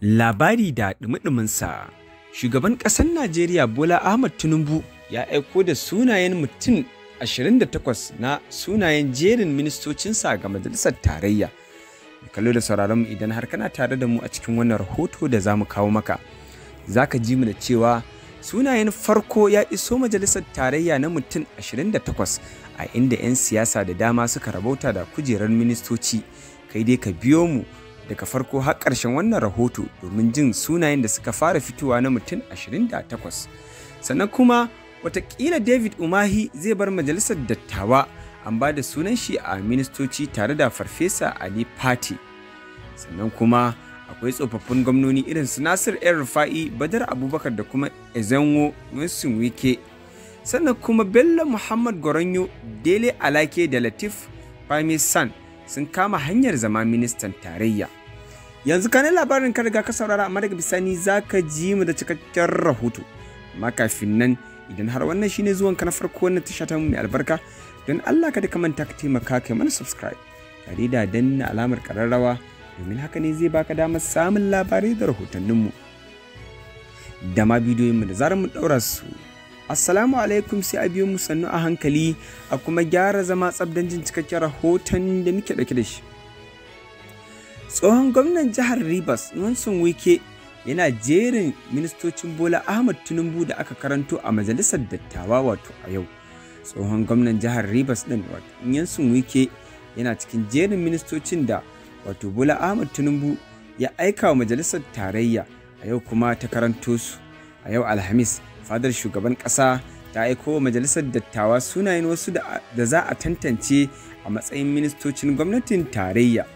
labari da ɗumi shugaban ƙasar najeriya bola ahmad tinubu ya aiko da sunayen mutum 28 na sunayen jerin ministocinsa ga majalisar tarayya kallo da sauraron idan har kana tare da mu a cikin wannan rahoto da za mu kawo maka za ka ji mu da cewa sunayen farko ya iso majalisar tarayya na mutum 28 a inda 'yan siyasa da dama suka rabauta da kujerar ministoci kai dai ka biyo mu daga farko har ƙarshen wannan rahoto domin jin sunayen da suka fara fitowa na mutum 28 sannan kuma watakila david umahi zai bar majalisar dattawa an ba da sunan shi a ministoci tare da farfesa ali fati sannan kuma akwai tsofaffin gwamnoni irin su nasir yan rufa'i badar abubakar da kuma ezenwo wilson wike sannan kuma bello muhammad goronyo dele alake da latif fahmi sun kama hanyar zama ministan tarayya yanzu kane labarin ka riga ka saurara amma daga bisani za ka ji mu da cikakken rahoto amma kafin nan idan har wannan shine zuwan ka na farko wannan tasha ta mu mai albarka don Allah ka da ka manta ka taimaka kai mana subscribe tare da danna alamar kararrawa domin haka ne zai baka damar samun labarai da rahotanninmu da ma mu da zarar mu daura su assalamu alaikum sai a biyo mu sannu a hankali a kuma gyara zama tsabdan jin cikakken rahoton da muke dauke da shi Tsohon gwamnan jihar Rivers Nonson Wike yana jerin ministocin Bola Ahmad Tinubu da aka karanto a majalisar dattawa wato a yau. Tsohon gwamnan jihar Rivers ɗin wato Nonson Wike yana cikin jerin ministocin da wato Bola Ahmad Tunumbu ya aika wa majalisar tarayya a yau kuma ta karanto su. A yau Alhamis, fadar shugaban ƙasa ta aiko wa majalisar dattawa sunayen wasu da za a tantance a matsayin ministocin gwamnatin tarayya.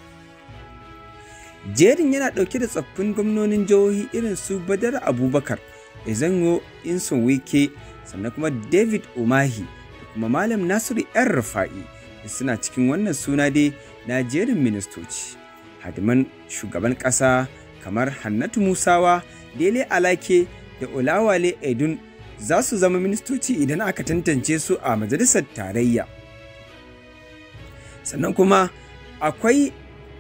jerin yana ɗauke da tsaffin gwamnonin jihohi irin su badar abubakar ezango wike sannan kuma david umahi da kuma malam nasiru yan rufa'i suna cikin wannan suna dai na jerin ministoci hadiman shugaban ƙasa kamar hannatu musawa dele alake da olawale edun za su zama ministoci idan aka tantance su a majalisar tarayya sannan kuma akwai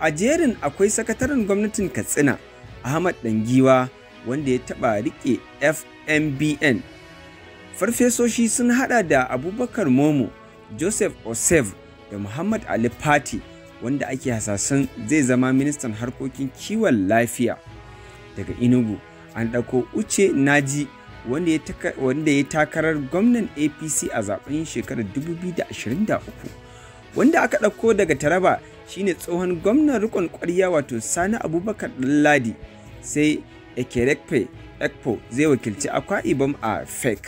A jerin akwai sakataren gwamnatin Katsina, Ahmad Dangiwa, wanda ya taɓa riƙe FMBN. Farfesoshi sun haɗa da Abubakar Momo, Joseph Osef da Muhammad Ali pati wanda ake hasasan zai zama ministan harkokin kiwon lafiya. Daga Inugu, an ɗauko Uche Naji, wanda ya takarar gwamnan APC a zaben shekarar 2023. wanda aka ɗauko daga Taraba shine tsohon gwamnan rikon kwarya wato sani abubakar ɗanladi sai ekerekpe ekpo zai wakilci akwa ibom a fek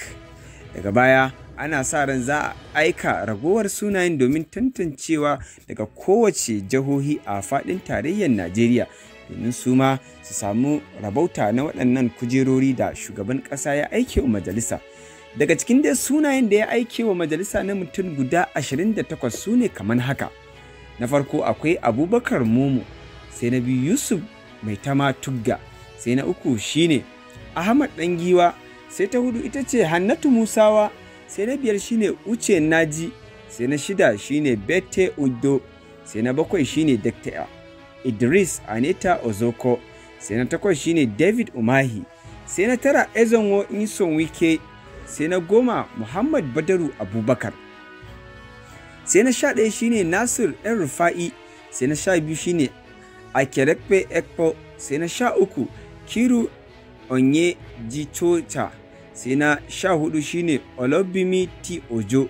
daga baya ana sa ran za a aika ragowar sunayen domin tantancewa daga kowace jihohi a faɗin tarayyar najeriya domin su ma su samu rabauta na waɗannan kujerori da shugaban ƙasa ya aike wa majalisa daga cikin dai sunayen da ya aike wa majalisa na mutum guda 28 su ne kamar haka na farko akwai abubakar momo sai na biyu yusuf mai tama tugga sai na uku shine ahmad ɗangiwa sai ta hudu ita ce hannatu musawa sai na biyar shine uce naji sai na shida shine bete udo sai na bakwai shine dakta idris aneta ozoko sai na takwas shine david umahi sai na tara ezonwo inson wike sai na goma muhammad badaru abubakar sai na sha ɗaya shine nasir ɗan rufa'i sai na sha biyu shine kerekpe ekpo sai na sha uku kiru onye jitota sai na sha hudu shine olobimi ti ojo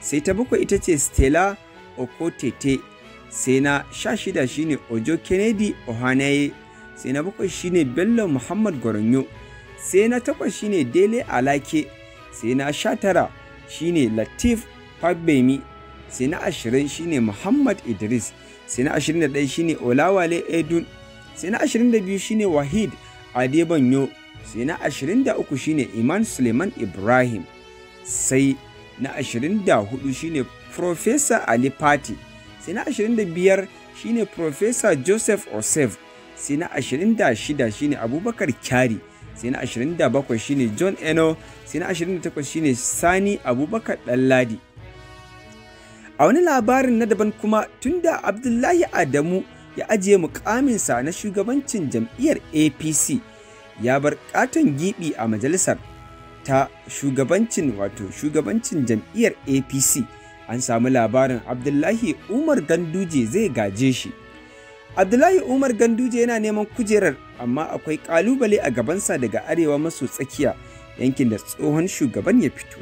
sai ta bakwai ita ce stella okotete sai na sha shida shine ojo kennedy ohanaye sai na bakwai shine bello muhammad goronyo sai na takwas shine dele alake sai na sha tara shine latif fagbemi sai na ashirin shine muhammad idris sai na ashirin da ɗaya shine olawale edun sai na ashirin da biyu shine wahid adebanyo sai na ashirin da uku shine iman suleiman ibrahim sai na ashirin da hudu shine Profesa Ali Pati, sai na shi shine Profesa Joseph Osef, sai na ashirin da shi shine Abubakar Kyari, sai na ashirin da bakwai shine John Eno, sai na takwas shine Sani Abubakar Ɗanladi, A wani labarin na daban kuma tunda Abdullahi Adamu ya ajiye mukaminsa na shugabancin jam'iyyar APC ya bar katon gibi a majalisar ta shugabancin wato shugabancin jam'iyyar APC an samu labarin Abdullahi Umar Ganduje zai gaje shi. Abdullahi Umar Ganduje yana neman kujerar amma akwai kalubale a gabansa daga arewa maso tsakiya yankin da tsohon shugaban ya fito.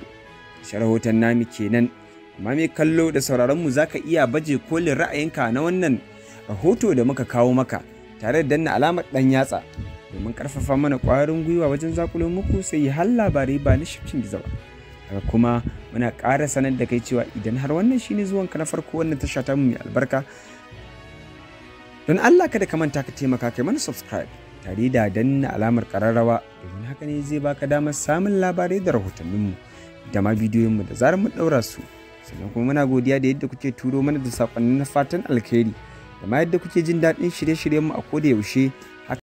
rahoton nami kenan. amma mai kallo da sauraronmu za ka iya baje kolin ra'ayinka na wannan rahoto da muka kawo maka tare da danna alamar ɗan yatsa domin karfafa mana ƙwarin gwiwa wajen zakulun muku sai har labarai ba na shifcin gizo ba haka kuma muna ƙara sanar da kai cewa idan har wannan shine zuwan ka na farko wannan tasha ta mu mai albarka don Allah kada ka manta ka taimaka kai mana subscribe tare da danna alamar ƙararrawa domin haka ne zai baka damar samun labarai da rahotanninmu da ma bidiyoyinmu da zarar mun daura su sannan kuma muna godiya da yadda kuke turo mana da saƙonni na fatan alkhairi da ma yadda kuke jin daɗin shirye-shiryenmu a ko da yaushe